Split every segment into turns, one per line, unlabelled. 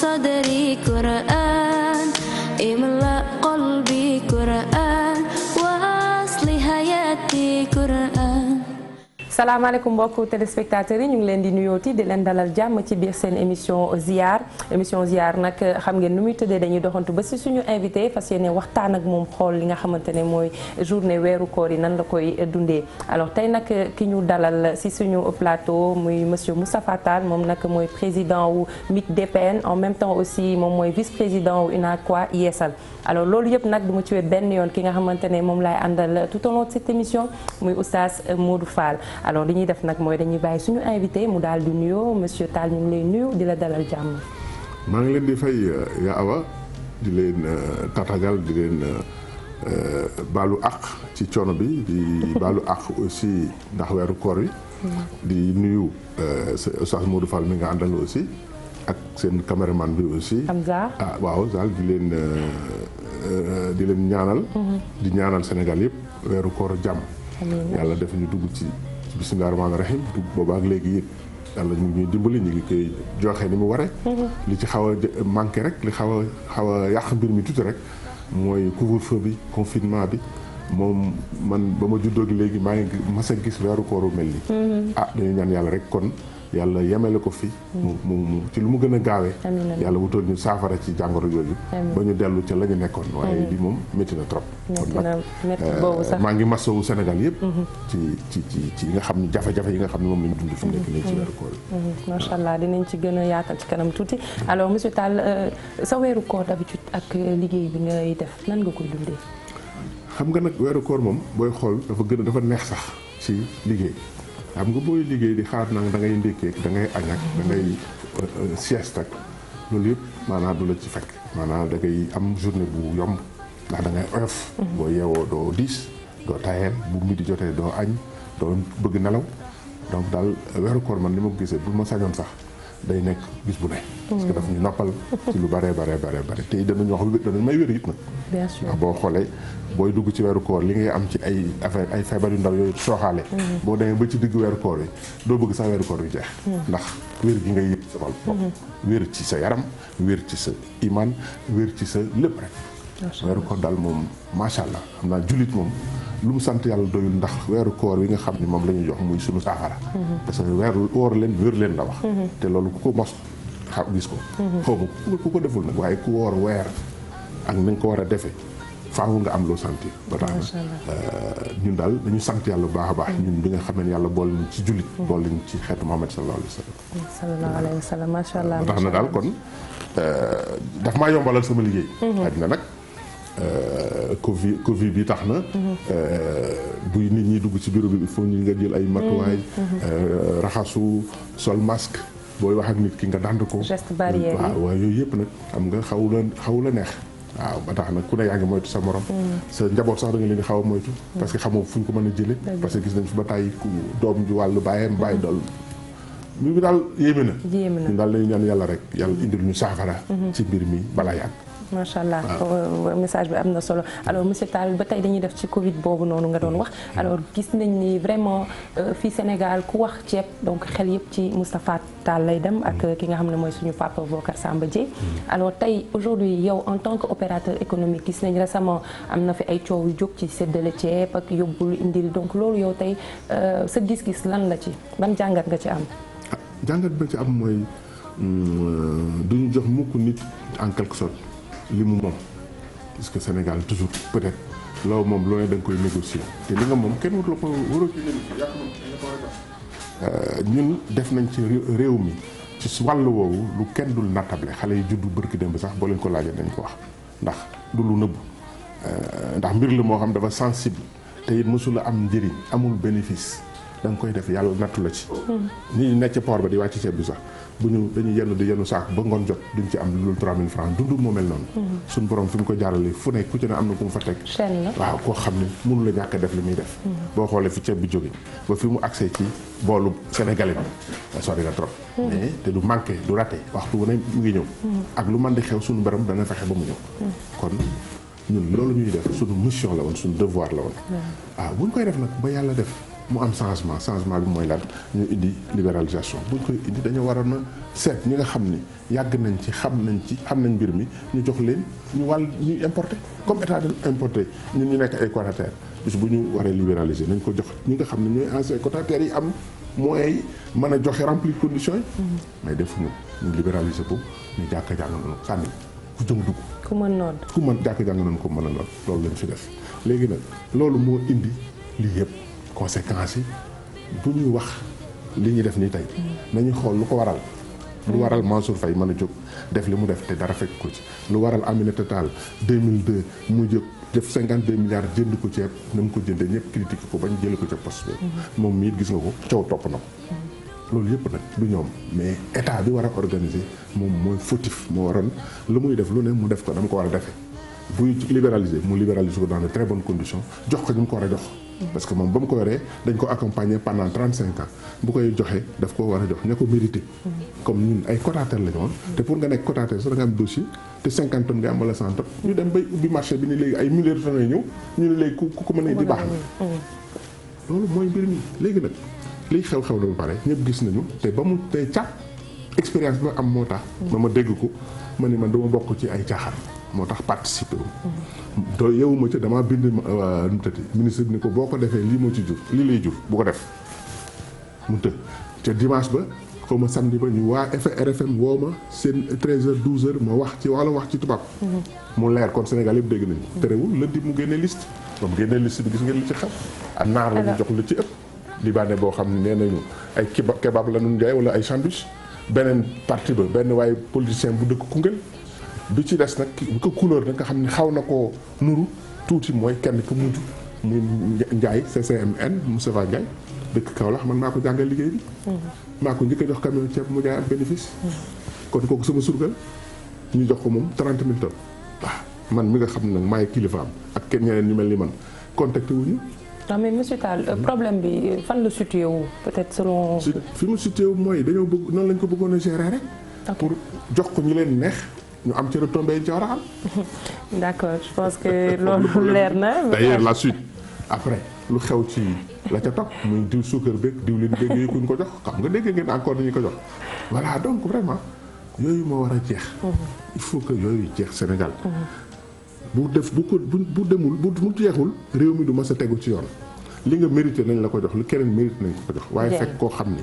صدري قرآن إملا salaamaaleykum mbokku téléspectateurs yi ñu ngi leen di nuyooti di leen dalal jàmm ci biir seen émission ziar émission ziar nag xam ngeen nu muy tëddee dañuy doxantu ba si suñu invité fas yéene waxtaan ak moom xool li nga xamante ne mooy journée weeru koor yi nan la koy dundee. alors tey nag ki ñu dalal si suñu plateau muy monsieur Moustapha moom nag mooy président wu MIC DPN en même temps aussi moom mooy vice président wu UNACOIS Yeesal. alors loolu yëpp nag du ma ci wet benn yoon ki nga xamante ne moom laay àndal tout au long émission muy oustaz Modou Fall. alors li ñuy def nag mooy dañuy bàyyi suñu invité mu daal di nuyoo monsieur Tall ñu ngi lay nuyu di la dalal jàmm.
maa ngi leen di fay euh, ya awa di leen euh, tatagal di leen euh, baalu àq ci coono bi di baalu àq aussi ndax weeru koor yi mm. di nuyu Oustaz modu Fall mi nga àndal aussi. ak seen caméraman bi aussi. Hamza ah waaw daal di leen di leen ñaanal. Mm-hmm. di ñaanal Sénégal yëpp weeru koor jàmm. yàlla def ñu dugg ci. bisimilah rahmaani rahim boobaak léegi yéen yàlla ñu ngi ñuy dimbali ñu ngi koy joxe ni mu waree. Mm-hmm. li ci xaw a manqué rek li xaw a xaw yàq mbir mi tuuti rek mooy couvre-feu bi confinement bi. moom man ba ma juddoo léegi maa ngi ma a gis weeru koor mel nii. Mm-hmm. ah dañu ñaan yàlla rek kon yàlla yemele ko fi mu mu ci lu mu gën a gaawee yàlla wutal ñu saafara ci jàngoro jooju ba ñu dellu ca la ñu nekkoon waaye li moom métti na trop kon
nag euh, maa
ngi masowu Sénégal yëpp mm-hmm. ci ci ci yi nga xam ne jafe-jafe yi nga xam ne moom lañ dund fi nekk nii ci mm-hmm. weeru koor yi
mm-hmm. macha allah dinañ ci gën a yaatal ci kanam tuuti alors monsieur Tall euh, sa weeru koor d'habitude ak liggéey bi ngay def nan nga koy dundee
xam nga nag weeru koor moom booy xool dafa gën a dafa neex ci liggéey xam nga booy liggéey di xaar nag da ngay ndékkee da ngay añ ak da ngay euh, euh, sieste ak loolu yëpp maanaa du la ci fekk maanaam da ngay am journée bu yomb ndax da ngay oyof. Mhm. boo yeewoo doo diis doo tayeel bu midi jotee doo añ doo bëgg nelaw donc daal weeru koor man ni ma ko gisee bu ma sañoon sax. day nekk bis bu ne. parce que daf ñu noppal ci lu bare bare bare bare te danañ wax danañ may wér it nag.
bien boo
xoolee booy dugg ci weeru koor li ngay am ci ay affaire ay feebar yu ndaw yooyu sooxaale. Mm-hmm. boo demee ba ci digg weeru koor yi doo bëgg sax weeru koor yu jeex. Mm-hmm. ndax wér gi ngay yëg sa bopp.
Mm-hmm.
wér ci sa yaram wér ci sa iman wér ci sa lépp rek. weeru koor daal moom macha allah xam naa jullit moom. lu mu sant yàlla doyul ndax weeru koor yi nga xam ni moom la ñuy jox muy sunu saafara. parce que weeru woor leen wér leen la wax. te loolu ku ko mos xaw gis ko. xaw ku ko deful nag waaye ku woor weer ak ni nga ko war a defee faaw nga am loo sant. ba tax euh, ñun daal dañu sant yàlla baax baax. Mm-hmm. ñun bi nga xam ne yàlla boole ci jullit. Mm-hmm. boole nañ ci xeetu Muhammad sallallahu alayhi wa sallam.
Mm-hmm. sallallahu alayhi wa sallam macha allah. ba tax na daal
kon euh, daf maa yombalal sama liggéey. àddina nag. Euh, Covid Covid bi tax na. Mhm. Euh, buy nit ñi dugg ci bureau bi foo faut ñu nga jël ay matuwaay. Mhm. Mhm. Euh, raxasu sol masque. booy wax ak nit ki nga dànd ko. geste
barrière waaw
waaw yooyu yëpp nag xam nga xaw la xaw la neex. waaw ba tax nag ku ne yaa ngi moytu sa morom. sa njaboot sax da leen di xaw a moytu. parce que xamoo fu ñu ko mën a jële parce que gis nañ fi ba tàyyi ku doom ji wàllu bàyyam bàyyi dool mbir mi daal yéeme na. yéeme na daal dañu ñaan yàlla rek yàlla indil ñu saafara. ci mbir mi balaa
macha allah euh, message bi am na solo alors monsieur Tall ba tey dañuy def ci Covid boobu noonu nga doon wax mm-hmm. alors gis nañ ni vraiment euh, fii Sénégal ku wax ceeb donc xel yëpp ci Moustapha Tall lay dem ak mm-hmm. ki nga xam ne mooy suñu papa Bocar sàmba Dièye mm-hmm. alors tey aujourd'hui yow en tant que opérateur économique gis nañ récemment am na fi ay coow yu ci séddale ceeb ak yóbbul indil donc loolu yow tey euh, sa gis-gis lan la ci ban jàngat nga ci am.
Ah, jàngat bi ci am mooy mm, du ñu jox mukk nit en quelque sorte. li mu moom parce que Sénégal toujours peut-être law moom loo ne da nga koy négocier te li nga moom kenn warul la ko waroo euh, ñun def nañ ci réew mi ci wàll woowu lu kenn dul natable xale yi juddu bërki démb sax boo ko laajee dañ ko ndax du lu nëbb euh, ndax mbir la moo xam dafa sensible te it mësula am njëriñ amul bénéfice da koy def yàlla nattu la ci nit mm. ñi nekk ci port ba di wàcc ceeb bi sax bu ñu dañuy yenn di yenn saak ba ngoon jot duñ ci am lu dul 3000 francs dundu moo mel noonu mhm. suñ borom fi mu ko jaarale fu ne ku ci ne am na ku mu fa teg waaw koo xam ne mënu la ñàkk def li muy def mhm. boo xoolee fi ceeb bi jóge ba fi mu accès ci boolu sénégalais bi eh, sori na trop mhm. mais te du manqué du raté waxtu wu ne mu ngi ñëw ak lu man di xew suñu borom dana fexe ba mu ñëw kon ñun loolu ñuy def suñu mission la woon suñu devoir la woon waaw ah, buñ yàlla def mu am changement changement bi mooy lan ñu indi libéralisation bu ñu koy indi dañoo waroon a seet ñi nga xam ni yàgg nañ ci xam nañ ci xam nañ mbir mi ñu jox leen ñu wàll ñuy importer comme état dañ importer ñun ñu nekk ay quotataires bu ñu waree libéraliser nañ ko jox ñi nga xam ne ñooy anciens quotataires yi am moyens yi mën a joxe remplir conditions yi. Mm-hmm. mais defuñu ñu libéraliser ko ñu jàkka jàng nañu sànni ku jëm dugg. ku mën noonu ku mën jàkka jàng nañu ko mën a noonu loolu lañ fi def léegi nag loolu moo indi lii yëpp. conséquence yi bu ñu wax li ñuy def nii tey nañu xool lu ko waral. lu waral Mansour fay mën a jóg def li mu def te dara fekk ko ci. lu waral Aminata Tall 2002 mu jóg def 52 milliards jënd ko ceeb na mu ko jëndee ñëpp critique ko bañ jëlee ko ca poste boobu. Mhm. moom mii gis nga ko coow topp na ko.
Mhm.
loolu yëpp nag du ñoom mais état bi war a organiser moom mooy fautif moo waroon lu muy def lu ne mu def ko dam ko war a defee buy libéraliser mu libéraliser ko dans de très bonnes conditions jox ko ñu mu ko war a jox. parce que moom ba mu ko yoree dañ ko accompagner pendant trente cinq ans bu koy joxe daf ko war a jox ña ko mérité. comme ñun ay cotataires la ñu woon. te pour nga nekk cotataire sax da nga am dossier te cinquante tonnes nga am wala cent tonnes ñu dem bay ubbi marché bi ni léegi ay milliers de ñu ne léegi ko mën a indi baax na. léegi nag liy xew-xew la ba pare ñëpp gis nañu te ba mu tey càpp expérience bi ma am moo tax. ma ma dégg ko ma ni man dama bokk ci ay caaxaan. moo tax participer wu. doy yow ma ca damaa bind euh, nu tëdd ministre bi ni ko boo ko defee lii moo ci jur lii lay jur bu ko def mu të ca dimanche ba. xaw ma samedi ba ñu waa RFM woo ma seen 13h 12 ma wax ci wala wax ci tubaab. Mm-hmm. mu leer kon Sénégal yëpp dégg nañu. Mm-hmm. terewul lundi mu génne liste. ba mu génne liste bi gis ngeen li ci xam. am naar la ñu jox lu ci ëpp. libaane boo xam ne nee nañu ay kebab la ñu jaay wala ay sandwich. beneen parti ba benn waaye politicien bu dëkk Koungheul. du ci des nag bi ko couleur nag nga xam ne xaw na ko nuru tuuti mooy kenn ku mujj muy Ndiaye CCMN Moustapha Ndiaye dëkk Kaolack man maa ko jàngal liggéey bi. Mhm. maa ko njëkk jox camion ceeb mu jaay am bénéfice. Mhm. kon kooku sama surgal ñu jox ko moom trente mille tonnes. Ah, man mi nga xam ne maay kilifaam ak kenn ñeneen ñu mel ni man contacté wuñu
non mais monsieur Tall euh, problème bi euh, fan la situé peut-être
selon. fi mu situé wu mooy dañoo bëgg noonu lañ ko bëggoon a gérer rek. pour jox ko ñu ñu am ci retombées yi ñu ci war a am.
d' accord je pense que loolu leer na. d' ailleurs la
suite après lu xew ci la ca topp muy diw suukar beeg diwlin beeg yooyu kuñ ko jox xam nga dégg ngeen encore ni ñu ko jox voilà donc vraiment yooyu moo war a jeex. Mhm. il faut que yooyu jeex Sénégal. Mhm. bu def bu ko bu demul bu mu jeexul réew mi du ma sa tegu ci yoon li nga mérité nañ la ko jox lu keneen mérité nañ ko jox. waaye fekk koo xam ni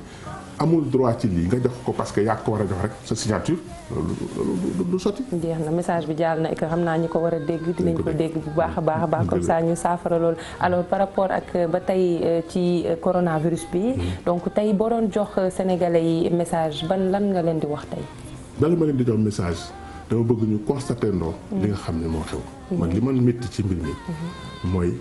amul droit ci lii nga jox ko parce que yaa ko war a jox rek sa signature loolu
du sotti. jeex na message bi jàll na et que xam naa ñi ko war a dégg. dinañ ko dégg bu baax a baax a baax. comme ça ñu saafara loolu. alors par rapport ak euh, ba tey euh, ci euh, coronavirus bi. Mm-hmm. donc tey boo doon jox sénégalais yi message ban lan nga leen di wax tey.
dala ma leen di jox message dama bëgg ñu constater mm. li nga xam ne moo xew. Mm-hmm. man li man métti ci mbir mi. Mm-hmm. mooy.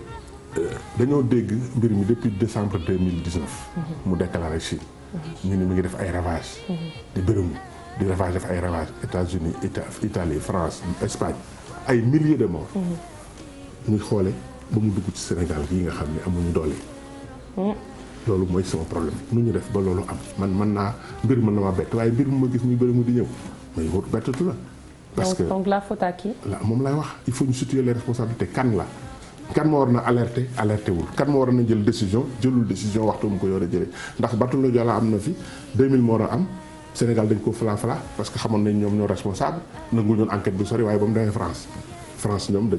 Euh, dañoo dégg mbir mi depuis décembre deux mille dix neuf. Mhm. mu déclaré Chine. Mhm. ñu ne mu ngi def ay ravages. Mhm. di Birame di ravage def ay ravages États-Unis Italie France Espagne ay milliers de morts. ñu xoole ba mu dugg ci Sénégal yi nga xam ne amuñu doole. loolu mooy sama problème nu ñu def ba loolu am man man naa mbir mën na ma bett waaye mbir mu ma gis muy bëri di ñëw mais wut bettatu la.
parce que donc la la
moom lay wax il faut ñu situer les responsabilités kan la. kan moo war na alerter alerter kan moo war na jël décision jëlul décision waxtu mu ko yor a jëlee ndax am na fi 2000 moo dañ ko fala fala parce que xamoon nañ ñoom ñoo responsable nangu ñoon enquête bu sori waaye ba mu demee France France ñoom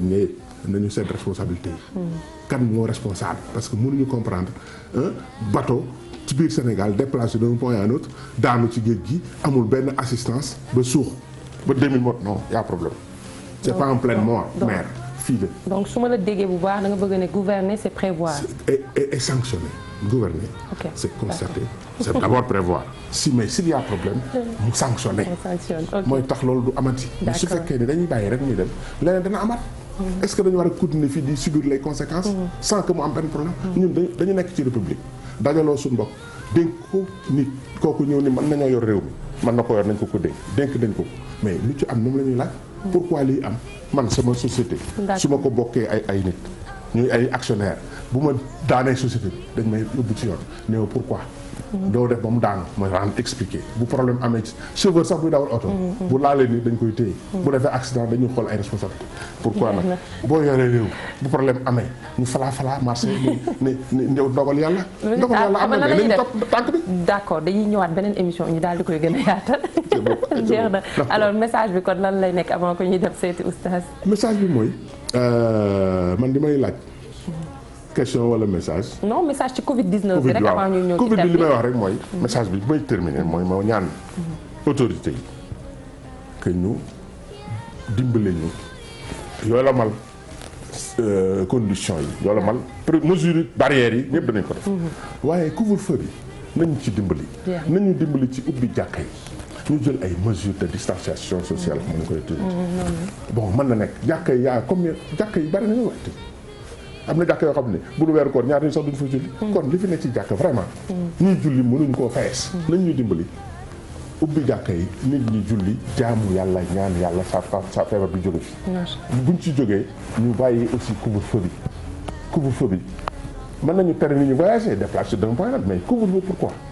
dañ comprendre bateau ci biir Sénégal déplacé d'un point à un autre daanu ci géej gi amul benn assistance ba suux ba 2000 mot non y a problème
c'est pas en pleine
mort fii la.
donc su ma la déggee bu baax da nga bëgg ne gouverner c'est prévoir.
et et, et sanctionner gouverner. Okay. c'est constater c'est d'abord prévoir. si mais s'il y a problème mu sanctionner. mooy tax loolu du amati. d'accord su fekkee ne dañuy bàyyi rek muy dem leneen dana amaat. Mhm. est-ce que dañu war a continuer fii di si subir les conséquences. Mhm. sans que mu am benn problème. Mhm. ñun dañu nekk ci république dajaloo suñu bopp dénk ko nit kooku ñëw ni mën nañoo yor réew mi mën na ko yor ko ko dénk dénk ko mais lu ci am moom la ñuy laaj. pourquoi liy am man sama société. su ma ko bokkee ay ay nit ñuy ay actionnaire bu ma daanee société bi dañ may yóbbu ci yoon pour quoi doo def ba mu daanu mooy daan expliqué bu problème amee ci chauffeur sax buy dawal oto bu laalee ni dañ koy téye bu defee accident dañuy xool ay responsabilité pourquoi nag boo yoree réew bu problème amee ñu falaa falaa marché ni ni ndew dogal yàlla dogal ah, yàlla am na nañ
topp tànk ñëwaat beneen émission ñu daal di koy gën a yaatal jeex na alors message bi kon lan lay nekk avant que ñuy dem seeti oustaz
message bi mooy euh, man li may laaj question wala message. non
ci Covid 19 bi rek Covid li may wax rek
mooy. message bi bi may terminer mooy moo ñaan. Mhm. autorité yi que ñu dimbale ñu yoo la mal euh, condition yi yoo la mal mesure barrières yi ñëpp danañ ko def. Mhm. waaye couvre-feu bi nañu ci dimbali. nañu dimbali ci ubbi jàkka yi ñu jël ay mesures de distanciation sociale. mën mhm. nga koy tudd. bon mën na nekk jàkka yi yaa comme jàkka yi bari nañu waxtu. am na jàkk yoo xam ne bu lu weer koor ñaar ñi sax duñ fa julli mm. kon li fi ne ci jàkk vraiment mm. ñuy julli mënuñ koo fees mm. nañ ñu dimbali ubbi jàkka yi nit ñi julli jaamu yàlla ñaan yàlla sa sa feebar bi jóge bu buñ ci jógee ñu bàyyi aussi couvre-feu bi couvre-feu bi mën nañu tere ñu ñi voyager déplacer d'un point là mais couvre-feu pourquoi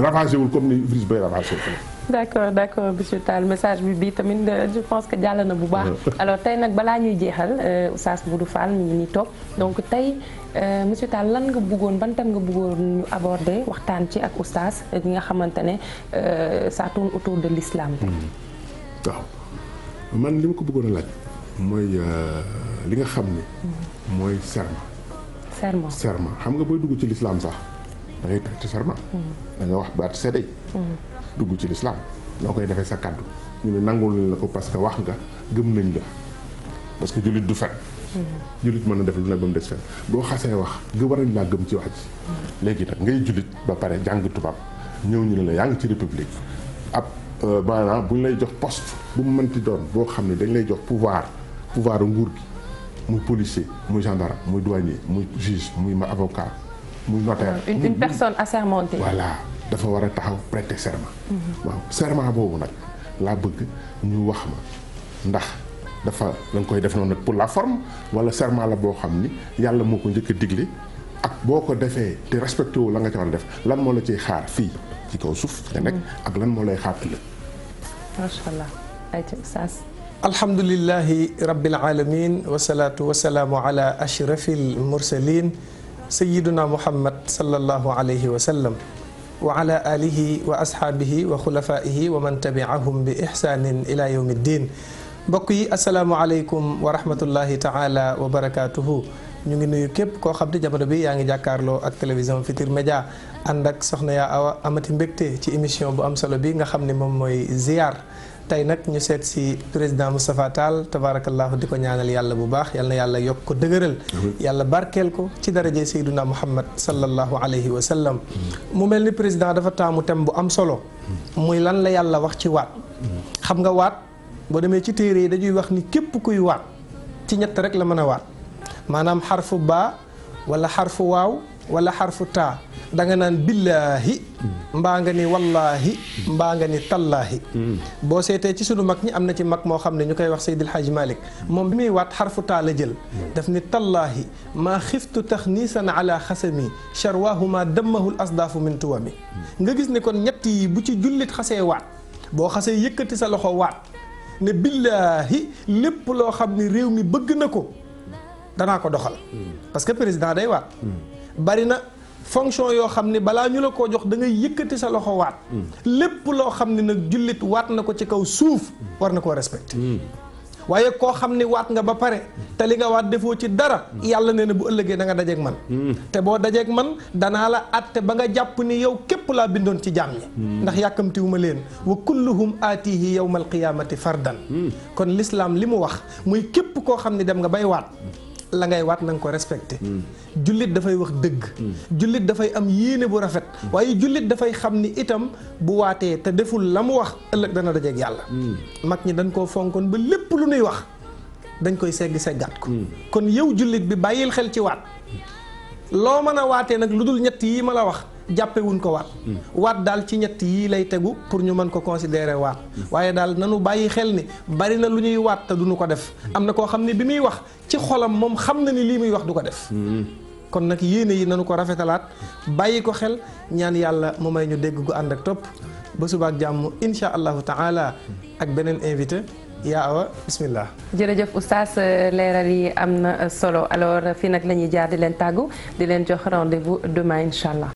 ravagé wul comme ni virus bay ravagé
d' accord d' monsieur Tall message bi bii tamit euh, je pense que jàll na bu baax. alors tey nag balaa ñuy jeexal euh, Oustaz Modou Fall mi ngi nii toog donc tey euh, monsieur Tall lan nga buggoon ban tam nga bëggoon ñu aborder waxtaan ci ak Oustaz ñi nga xamante ne ça tourne autour de l' islam. Hmm.
waaw man li ma ko buggoon a laaj mooy li nga xam ni. Hmm. mooy serment. serment serment xam nga booy dugg ci l'islam sax. da ngay prêter serment. da nga wax baat seede. Mm. dugg ci lislaam noo koy defee sa kàddu ñu ne nangul la ko parce que wax nga gëm nañ la parce que jullit du fen mm. jullit mën na def lu ne ba mu des fen boo xasee wax gë war nañ laa gëm ci wax ji mm. léegi nag ngay jullit ba pare jàng tubaab ñëw ñu ne la yaa ngi ci république ab euh, maanaam bu ñu lay jox poste bu mu mënti doon boo xam ne dañ lay jox pouvoir pouvoir nguur gi muy policier muy gendarme muy douanier muy juge muy ma muy notaire. voilà dafa war a taxaw prêter mhm. serment. boobu nag laa bëgg ñu wax ma ndax dafa da koy def noonu pour la forme wala serment la boo xam ni yàlla moo ko njëkk a digle ak boo ko defee te respecté wu la nga ci war a def lan moo la ciy xaar fii ci kaw suuf nga nekk mhm. ak lan moo lay xaar ëllëg.
macha allah ayca Oustaz.
alhamdulilahi rabbil alamin wasalaatu wasalaamu ala ashrafil mursalin sayyiduna muhammad sallallahu alayhi wa sallam wa ala alihi wa ashaabihi wa bi ihsaanin ila yawmi ddin mbokk yi asalaamualeykum wa rahmatullahi taala wa barakaatuhu ñu ngi nuyu képp koo xam ne jamono bi yaa ngi jàkkaarloo ak télévision Futurs Médias ak soxna yaa awa amati mbégte ci émission bu am solo bi nga xam ne moom mooy ziar tey nag ñu seet si président Moustapha Tall tabaarakallaahu di ko ñaanal yàlla bu baax yal na yàlla yokk ko dëgëral. yàlla barkeel ko ci daraje Seyduna Muhammad sallallahu alayhi wa sallam. mu mel ni président dafa taamu tem bu am solo. muy lan la yàlla wax ci waat. xam nga waat boo demee ci téere yi dañuy wax ni képp kuy waat ci ñett rek la mën a waat maanaam xarfu baa xar fu waaw. wala xarfu taa da nga naan billaahi mbaa nga ni wallaahi mbaa nga ni tallaahi boo seetee ci sunu mag ñi am na ci mag moo xam ne ñu koy wax Seydil Hadj malik moom bi muy waat xarfu taa la jël daf ni tallaahi maa xiftu taxniisan ala xasami charwaahuma dammahul asdaafu min tuwami nga gis ne kon ñett yi bu ci jullit xasee waat boo xasee yëkkati sa loxo waat ne billaahi lépp loo xam ne réew mi bëgg na ko danaa ko doxal parce que président day waat bari na fonction yoo xam ni balaa ñu la koo jox dangay yëkkati sa loxo waat mm. lépp loo xam ne nag jullit waat na ko ci kaw suuf mm. war na koo respecté mm. waaye koo xam ni waat nga ba pare te li nga waat defoo ci dara yàlla nee na bu ëllëgee da nga dajeeg man te boo dajeeg man danaa la àtte ba nga jàpp ni yow képp laa bindoon ci jaam ñi ndax yàkkamtiwu ma leen wa kulluhum aatihi yawma alqiyaamati fardan kon lislaam li mu wax muy képp koo xam ni dem nga bay waat la ngay waat na nga ko respecté hmm. jullit dafay wax dëgg hmm. jullit dafay am yéene bu rafet hmm. waaye jullit dafay xam ni itam bu waatee te deful la mu wax ëllëg dana dajeeg yàlla mag ñi dañ koo fonkoon ba lépp lu nuy wax dañ koy segg seggaat ko kon yow jullit bi bàyyil xel ci waat loo mën a waate nag lu dul ñett yi ma la wax jàppewuñ ko waat waat daal ci ñett yii lay tegu pour ñu mën ko considérer waat waaye daal nanu bàyyi xel ni bari na lu ñuy waat te duñu ko def am na koo xam ne bi muy wax ci xolam moom xam na ni lii muy wax du ko def kon nag yéene yi nanu ko rafetalaat bàyyi ko xel ñaan yàlla mu may ñu dégg gu ànd ak topp ba subaak jàmm insha allahu taala ak beneen invité yaa awa bismillah
jërëjëf oustaz euh, leeral yi am na solo alors fii nag la ñuy jaar di leen tàggu di leen jox rendez-vous demain incha allah